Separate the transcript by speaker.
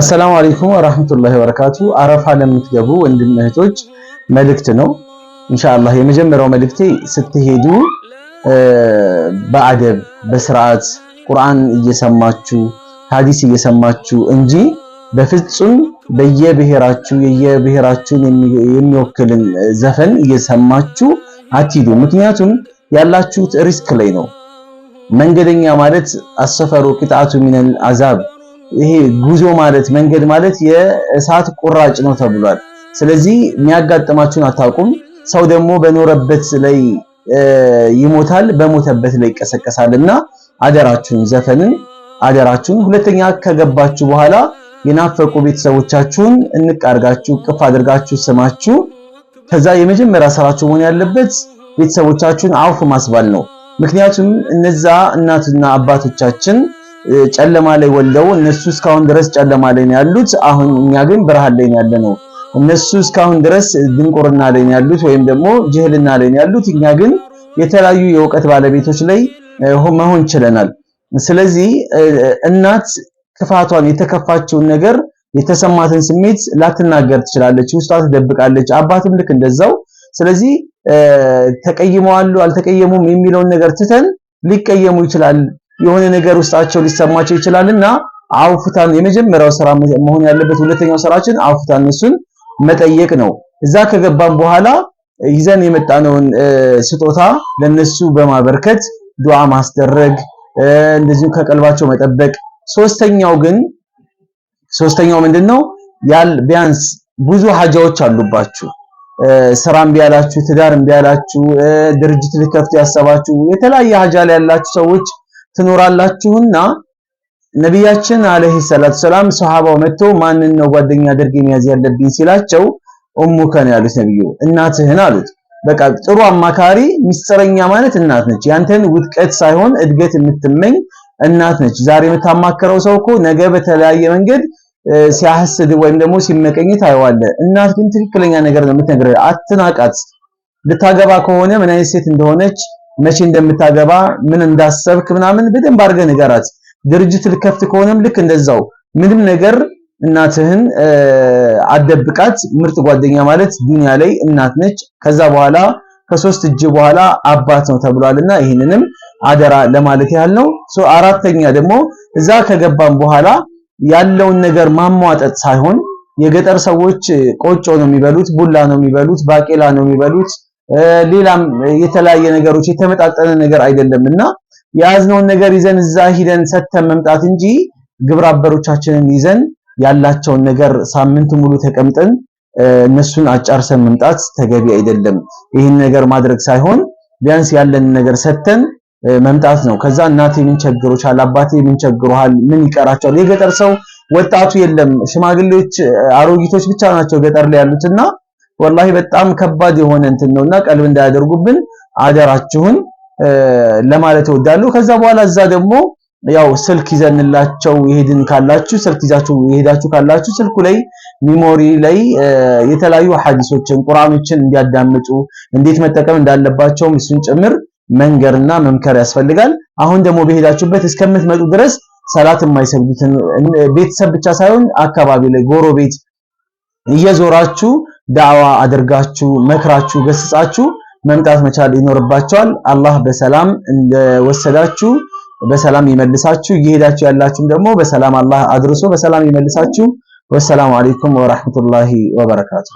Speaker 1: አሰላሙ አለይኩም ወራህመቱላሂ ወበረካቱ። አረፋ ለምትገቡ ወንድም እህቶች መልእክት ነው ኢንሻአላህ። የመጀመሪያው መልእክቴ ስትሄዱ በአደብ በስርዓት ቁርአን እየሰማችሁ ሀዲስ እየሰማችሁ እንጂ በፍጹም በየብሔራችሁ የየብሔራችሁን የሚወክልን ዘፈን እየሰማችሁ አትሂዱ። ምክንያቱም ያላችሁት ሪስክ ላይ ነው። መንገደኛ ማለት አሰፈሩ ቅጣቱ ሚነል አዛብ ይሄ ጉዞ ማለት መንገድ ማለት የእሳት ቁራጭ ነው ተብሏል። ስለዚህ የሚያጋጥማችሁን አታውቁም። ሰው ደግሞ በኖረበት ላይ ይሞታል፣ በሞተበት ላይ እና አደራችሁን ዘፈንን አደራችሁን። ሁለተኛ ከገባችሁ በኋላ የናፈቁ ቤተሰቦቻችሁን እንቅ አድርጋችሁ ቅፍ አድርጋችሁ ስማችሁ። ከዛ የመጀመሪያ ስራችሁ መሆን ያለበት ቤተሰቦቻችሁን አውፍ ማስባል ነው። ምክንያቱም እነዛ እናትና አባቶቻችን ጨለማ ላይ ወልደው እነሱ እስካሁን ድረስ ጨለማ ላይ ነው ያሉት። አሁን እኛ ግን ብርሃን ላይ ያለ ነው። እነሱ እስካሁን ድረስ ድንቁርና ላይ ያሉት ወይም ደግሞ ጅህልና ላይ ነው ያሉት፣ እኛ ግን የተለያዩ የእውቀት ባለቤቶች ላይ መሆን ችለናል። ስለዚህ እናት ክፋቷን የተከፋችውን ነገር የተሰማትን ስሜት ላትናገር ትችላለች፣ ውስጧ ትደብቃለች። አባትም ልክ እንደዛው። ስለዚህ ተቀይመዋሉ አልተቀየሙም የሚለውን ነገር ትተን ሊቀየሙ ይችላል የሆነ ነገር ውስጣቸው ሊሰማቸው ይችላልና አውፍታን የመጀመሪያው ስራ መሆን ያለበት ሁለተኛው ስራችን አውፍታን እሱን መጠየቅ ነው። እዛ ከገባን በኋላ ይዘን የመጣነውን ስጦታ ለነሱ በማበርከት ዱዓ ማስደረግ እንደዚሁ ከቀልባቸው መጠበቅ። ሶስተኛው ግን ሶስተኛው ምንድነው ያል ቢያንስ ብዙ ሀጃዎች አሉባችሁ ስራም ቢያላችሁ ትዳርም ቢያላችሁ ድርጅት ልከፍት ያሰባችሁ የተለያየ ሀጃ ላይ ያላችሁ ሰዎች ትኖራላችሁና ነቢያችን አለይሂ ሰላቱ ሰላም ሰሃባው መጥቶ ማንን ነው ጓደኛ አድርጌ መያዝ ያለብኝ ሲላቸው ኡሙከን ያሉት ነብዩ እናትህን አሉት። በቃ ጥሩ አማካሪ ሚስጥረኛ ማለት እናት ነች። ያንተን ውድቀት ሳይሆን እድገት የምትመኝ እናት ነች። ዛሬ የምታማከረው ሰው እኮ ነገ በተለያየ መንገድ ሲያስድ ወይም ደግሞ ሲመቀኝት ታየዋለ። እናት ግን ትክክለኛ ነገር ነው የምትነግርህ። አትናቃት። ልታገባ ከሆነ ምን አይነት ሴት እንደሆነች መቼ እንደምታገባ ምን እንዳሰብክ ምናምን በደንብ አድርገህ ንገራት። ድርጅት ልከፍት ከሆነም ልክ እንደዛው ምንም ነገር እናትህን አደብቃት። ምርጥ ጓደኛ ማለት ዱንያ ላይ እናት ነች። ከዛ በኋላ ከሶስት እጅ በኋላ አባት ነው ተብሏልና ይህንንም አደራ ለማለት ያህል ነው። አራተኛ ደግሞ እዛ ከገባም በኋላ ያለውን ነገር ማሟጠጥ ሳይሆን የገጠር ሰዎች ቆጮ ነው የሚበሉት፣ ቡላ ነው የሚበሉት፣ ባቄላ ነው የሚበሉት ሌላም የተለያየ ነገሮች የተመጣጠነ ነገር አይደለም እና የያዝነውን ነገር ይዘን እዛ ሂደን ሰተን መምጣት እንጂ ግብረ አበሮቻችንን ይዘን ያላቸውን ነገር ሳምንት ሙሉ ተቀምጠን እነሱን አጫርሰን መምጣት ተገቢ አይደለም። ይህን ነገር ማድረግ ሳይሆን ቢያንስ ያለን ነገር ሰተን መምጣት ነው። ከዛ እናቴ ምን ቸግሮሻል፣ አባቴ ምን ቸግሮሃል፣ ምን ይቀራቸዋል? የገጠር ሰው ወጣቱ የለም፣ ሽማግሌዎች፣ አሮጊቶች ብቻ ናቸው ገጠር ላይ ያሉትና ወላሂ በጣም ከባድ የሆነ እንትን ነውና ቀልብ እንዳያደርጉብን አደራችሁን ለማለት እወዳለሁ። ከዛ በኋላ እዛ ደግሞ ያው ስልክ ይዘንላቸው ይሄድን ካላችሁ ስልክ ይዛችሁ ይሄዳችሁ ካላችሁ ስልኩ ላይ ሚሞሪ ላይ የተለያዩ ሐዲሶችን ቁርአኖችን እንዲያዳምጡ እንዴት መጠቀም እንዳለባቸውም እሱን ጭምር መንገርና መምከር ያስፈልጋል። አሁን ደግሞ በሄዳችሁበት እስከምትመጡ ድረስ ሰላት የማይሰግዱትን ቤተሰብ ብቻ ሳይሆን አካባቢ ላይ ጎረቤት እየዞራችሁ ዳዋ አድርጋችሁ መክራችሁ ገስጻችሁ መምጣት መቻል ይኖርባቸዋል። አላህ በሰላም እንደወሰዳችሁ በሰላም ይመልሳችሁ። እየሄዳችሁ ያላችሁም ደግሞ በሰላም አላህ አድርሶ በሰላም ይመልሳችሁ። ወሰላሙ አለይኩም ወራህመቱላሂ ወበረካቱ።